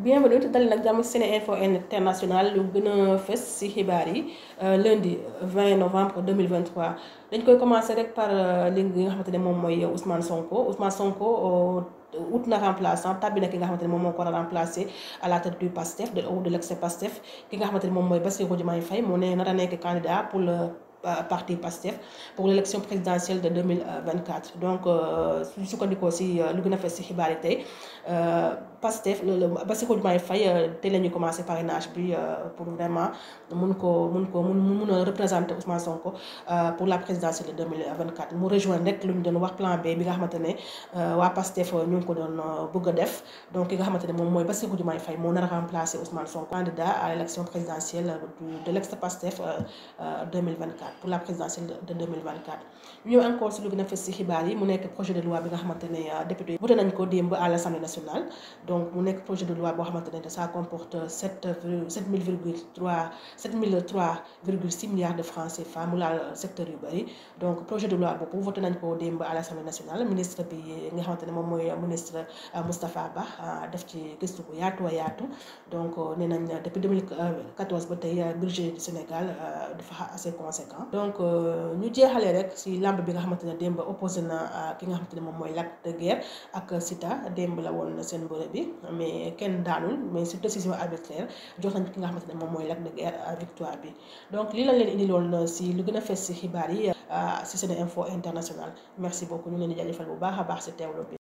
bienvenue te dal nag jàmm Sene Info International lu gën a fës ci xibaar yi euh, lundi 20 novembre 2023 dañ koy commencer rek par euh, li nga xamante ne moom mooy Ousmane Sonko Ousmane Sonko euh, ut na remplaçant tàbbi na ki nga xamante ne moom moo a remplacer à du PASTEF de ou de l'ex-PASTEF ki nga xamante moom mooy Bassirou Diomaye Faye moo ne nar a nekk candidat pour Euh, parti PASTEF pour l'élection présidentielle de 2024 donc euh, suñu sukkandikoo si euh, lu gën a fees si xibaar yi tey PASTEF Bassirou Diomaye Faye tey la ñuy commencé parrainage bi pour vraiment mun ko mun ko mun mun a représenter Ousmane Sonko pour la présidentielle de 2024 mu rejoindre rek lu ñu doon wax plan B bi nga xamante ne waa PASTEF ñu ko doon bëgg a def donc ki nga xamante ne moom mooy Bassirou Diomaye Faye moo nar remplacer Ousmane Sonko candidat à l'élection présidentielle de l'ex-PASTEF pour la présidentielle de 2024 ñu ñëw encore si lu gën a fës si xibaar yi mu nekk projet de loi bi nga xamante ne euh, député yu bëri donc projet de loi boobu voté nañ ko démb à l' nationale ministre bi nga xamante ne moom mooy euh, ministre euh, Moustapha Ba def ci gëstu bu yaatu a yaatu donc nee nañ depuis 2014 ba tey budget du Sénégal dafa assez conséquent donc euh, ñu jeexalee rek si lamb bi nga xamante ne démb opposé na euh, ki nga xamante ne moom mooy Lac de Guiers ak Sita démb la woon seen bëre bi mais kenn daanul mais sur décision arbitraire jox nañ ki nga xamante ne moom mooy Lac de Guiers euh, victoire bi donc li lañ leen indi loon si lu gën a fes si xibaar yi si seen Info International merci beaucoup ñu leen di jaajëfal bu baax a baax si teewlo bi